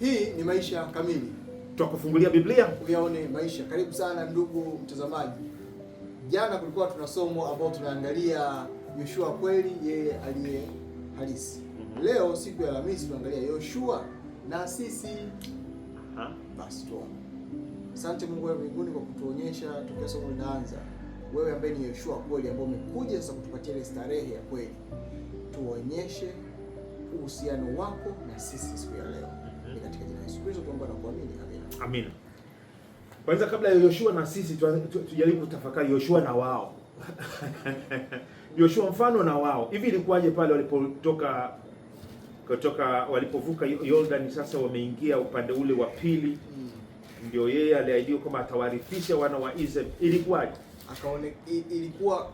Hii ni Maisha Kamili, twakufungulia Biblia uyaone maisha. Karibu sana ndugu mtazamaji. Jana kulikuwa tuna somo ambao tunaangalia Yoshua kweli, yeye aliye halisi. Mhm. Leo siku ya Alhamisi tunaangalia Yoshua na sisi. Basi asante Mungu wa mbinguni kwa kutuonyesha tokea somo linaanza, wewe ambaye ni Yoshua kweli, ambao umekuja sasa kutupatia ile starehe ya kweli, tuonyeshe uhusiano wako na sisi siku ya leo katika jina la Yesu Kristo na kuamini. Amina. Amina. Kwanza kabla ya Yoshua na sisi tujaribu kutafakari Yoshua na wao. Yoshua mfano na wao. Hivi ilikuwaje pale walipotoka kutoka walipovuka Yordani, sasa wameingia upande ule wa pili, ndio yeye aliahidiwa kwamba atawarithisha wana wa Israeli. Ilikuwaje? Akaone ilikuwa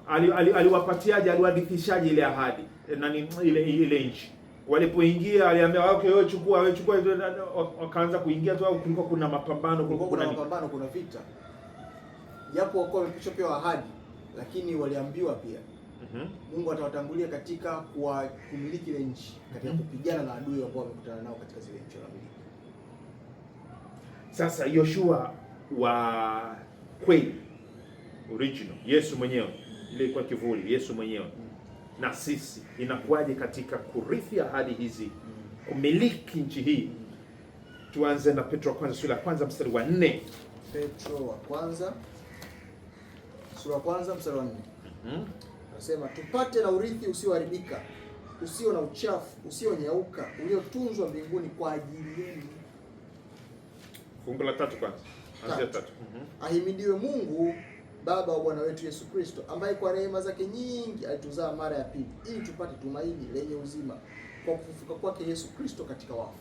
aliwapatiaje, ali, ile ahadi na ile ile nchi walipoingia aliambia ah, okay, wewe chukua, wewe chukua, wakaanza kuingia tu, au kulikuwa kuna mapambano? Kulikuwa kuna mapambano, kuna vita, japo wakuwa wamekwisha pewa ahadi, lakini waliambiwa pia mm -hmm. Mungu atawatangulia katika kwa kumiliki ile nchi katika mm -hmm. kupigana na adui ambao wamekutana nao katika zile nchi wanamiliki. Sasa Yoshua wa kweli original, Yesu mwenyewe, ile ilikuwa kivuli, Yesu mwenyewe mm -hmm na sisi inakuwaje katika kurithi ahadi hizi, kumiliki nchi hii. Tuanze na Petro wa kwanza sura ya kwanza mstari wa nne. Petro wa kwanza sura ya kwanza mstari wa nne mhm. anasema, tupate na urithi usioharibika, usio na uchafu, usionyauka, uliotunzwa mbinguni kwa ajili yenu. Fungu la tatu kwanza, anzia tatu. Mhm. Ahimidiwe Mungu baba wa Bwana wetu Yesu Kristo, ambaye kwa rehema zake nyingi alituzaa mara ya pili ili tupate tumaini lenye uzima kwa kufufuka kwake Yesu Kristo katika wafu.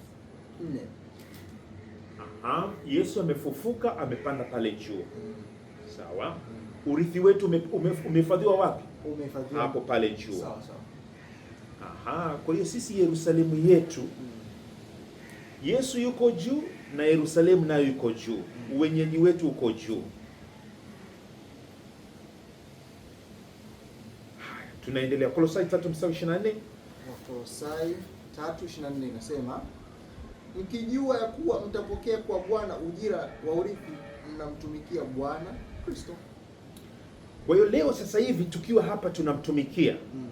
Nne. Aha, Yesu amefufuka amepanda pale juu. Mm. Sawa. Mm. Urithi wetu umehifadhiwa ume, wapi? Umehifadhiwa hapo pale juu. Sawa sawa. Aha, kwa hiyo sisi Yerusalemu yetu mm. Yesu yuko juu na Yerusalemu nayo yuko juu. Mm. Uwenyeji wetu uko juu. Tunaendelea, Kolosai 3:24 Kolosai 3:24 inasema mkijua ya kuwa mtapokea kwa Bwana ujira wa urithi mnamtumikia Bwana Kristo. Kwa hiyo leo sasa hivi tukiwa hapa tunamtumikia mm.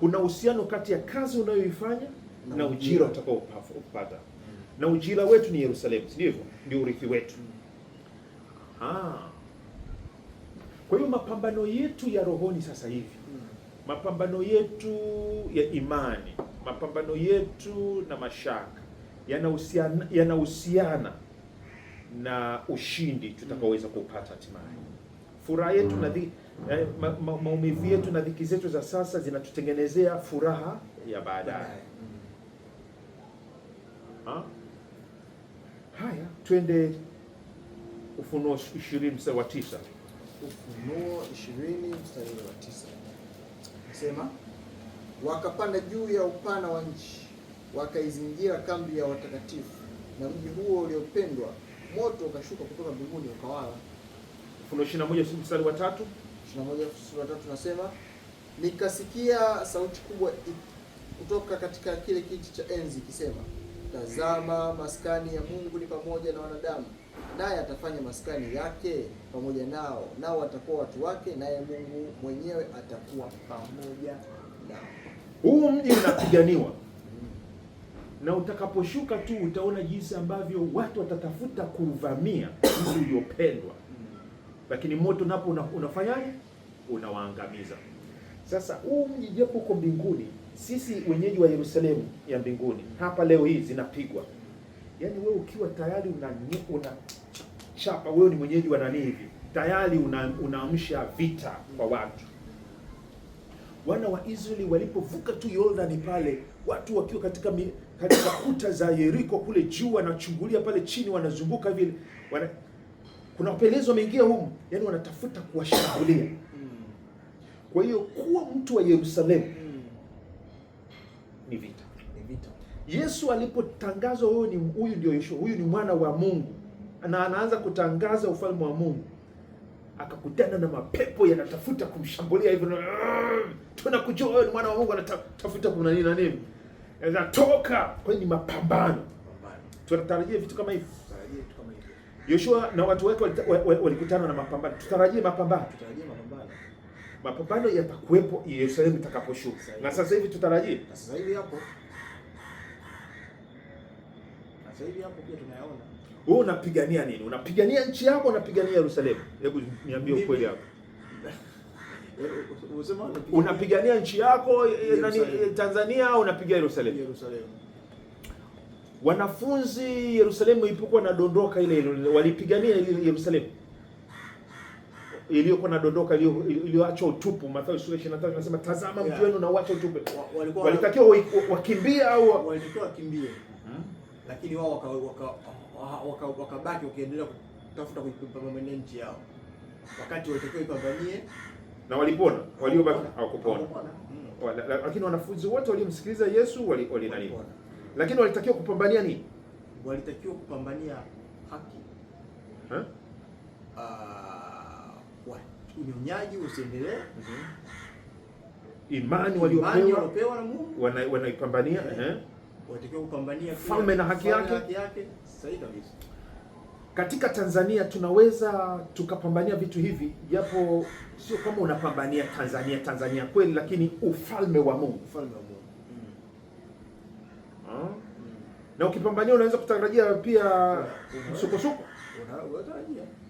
Kuna uhusiano kati ya kazi unayoifanya na, na ujira utakaopata mm. Na ujira wetu ni Yerusalemu, si ndivyo? Ndio urithi wetu mm. Ah. Kwa hiyo mapambano yetu ya rohoni sasa hivi Mapambano yetu ya imani, mapambano yetu na mashaka yanahusiana yanahusiana na ushindi tutakaoweza kupata hatimaye. Furaha yetu na eh, maumivu yetu na dhiki zetu za sasa zinatutengenezea furaha ya baadaye. Ha? Haya, twende Ufunuo 20 mstari wa 9. Ufunuo 20 mstari wa 9 kusema, wakapanda juu ya upana wa nchi, wakaizingira kambi ya watakatifu na mji huo uliopendwa, moto ukashuka kutoka mbinguni ukawala. Ufunuo 21 mstari wa 3, 21 mstari wa 3 tunasema nikasikia sauti kubwa kutoka katika kile kiti cha enzi ikisema, tazama maskani ya Mungu ni pamoja na wanadamu naye atafanya maskani yake pamoja nao, nao watakuwa watu wake, naye Mungu mwenyewe atakuwa pamoja nao. Huu mji unapiganiwa na utakaposhuka tu utaona jinsi ambavyo watu watatafuta kuvamia mji uliopendwa, lakini moto napo una, unafanyaje? Unawaangamiza. Sasa huu mji japo uko mbinguni, sisi wenyeji wa Yerusalemu ya mbinguni hapa leo hii zinapigwa yani wewe ukiwa tayari una, una chapa wewe ni mwenyeji wa nani hivi, tayari una, vita kwa watu. Wana wa Israeli walipovuka tu Yordani pale, watu wakiwa katika mi, katika kuta za Yeriko kule juu wanachungulia pale chini, wanazunguka vile wana, kuna wapelelezi wameingia humu, yani wanatafuta kuwashambulia. Mm. Kwa hiyo kuwa mtu wa Yerusalemu mm. ni vita. Yesu alipotangazwa huyu ni huyu ndio Yeshua, huyu ni mwana wa Mungu, na anaanza kutangaza ufalme wa Mungu, akakutana na mapepo yanatafuta kumshambulia hivyo, tunakujua wewe ni mwana wa Mungu, anatafuta kuna nini na nini, toka. Kwa ni mapambano, tunatarajia vitu kama hivi Yoshua na watu wake walikutana na mapambano, tutarajie mapambano, tutarajie mapambano mapambano yatakuwepo Yerusalemu itakaposhuka, na sasa hivi tutarajie, na sasa hivi hapo sasa hapo pia tunayaona. Wewe unapigania nini? Unapigania nchi yako, unapigania Yerusalemu? Hebu niambie ukweli hapo. Eh, eh, unapigania nchi yako eh, nani, Tanzania au unapigania Yerusalemu? Yerusalemu. Wanafunzi Yerusalemu ilipokuwa nadondoka ile walipigania Yerusalemu iliyokuwa na dondoka iliyoachwa utupu. Mathayo sura 23 inasema tazama, mji wenu na uache utupu. Walitakiwa wakimbia au walitakiwa wakimbie lakini wao wakabaki waka, waka, waka wakiendelea kutafuta kuipambania nchi yao, wakati walitakiwa ipambanie na walipona, waliobaki hawakupona. Mm. Lakini wanafunzi wote waliomsikiliza Yesu walinani, lakini walitakiwa kupambania nini? Walitakiwa kupambania haki ha? Ah, unyonyaji usiendelee mm-hmm. Imani waliopewa na Mungu wanaipambania wana eh watakiwa kupambania falme na haki yake, Sahihi kabisa. Katika Tanzania tunaweza tukapambania vitu hivi, japo sio kama unapambania Tanzania Tanzania kweli, lakini ufalme wa Mungu, ufalme wa Mungu mm. Ah? Mm. na ukipambania unaweza kutarajia pia msukosuko,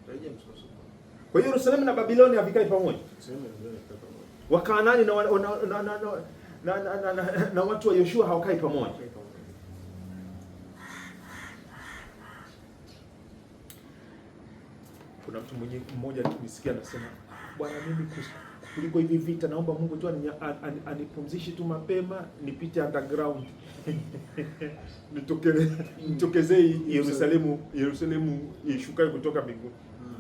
tarajia msukosuko. Kwa hiyo Yerusalemu na Babiloni havikai pamoja, wakaanani na na na watu wa Yoshua hawakai pamoja. Kuna mtu mwenye mmoja nisikia anasema, bwana, mimi kuliko hivi vita naomba Mungu tu anipumzishe tu mapema nipite underground nitokeze hmm. Yerusalemu, Yerusalemu ishukae kutoka mbinguni. Hmm.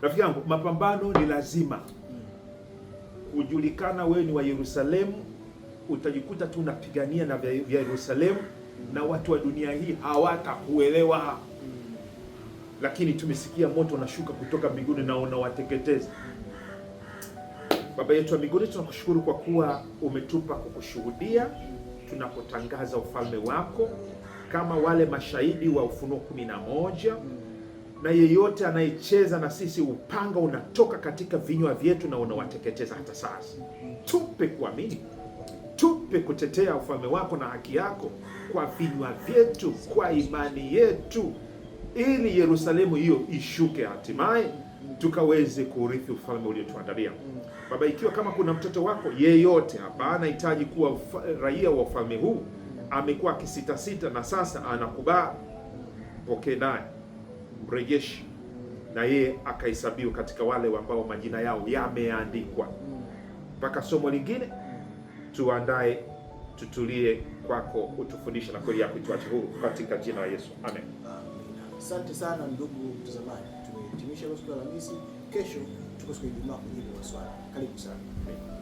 Rafiki yangu, mapambano ni lazima. Hmm. Ujulikana wewe ni wa Yerusalemu, utajikuta tu unapigania na vya Yerusalemu, na watu wa dunia hii hawatakuelewa lakini tumesikia moto unashuka kutoka mbinguni na unawateketeza. Baba yetu wa mbinguni, tunakushukuru kwa kuwa umetupa kukushuhudia tunapotangaza ufalme wako kama wale mashahidi wa Ufunuo kumi na moja na yeyote anayecheza na sisi, upanga unatoka katika vinywa vyetu na unawateketeza hata sasa. Tupe kuamini, tupe kutetea ufalme wako na haki yako kwa vinywa vyetu, kwa imani yetu ili Yerusalemu hiyo ishuke hatimaye tukaweze kurithi ufalme uliotuandalia Baba. Ikiwa kama kuna mtoto wako yeyote hapa anahitaji kuwa raia wa ufalme huu, amekuwa akisitasita na sasa anakubaa, pokee naye, mrejeshi na yeye akahesabiwa katika wale ambao majina yao yameandikwa. Mpaka somo lingine tuandae, tutulie kwako, utufundishe na kweli yako tuache huru, katika jina la Yesu, amen. Asante sana ndugu mtazamaji, tumehitimisha siku ya Alhamisi. Kesho tuko siku ya Ijumaa kujibu maswali. Karibu sana.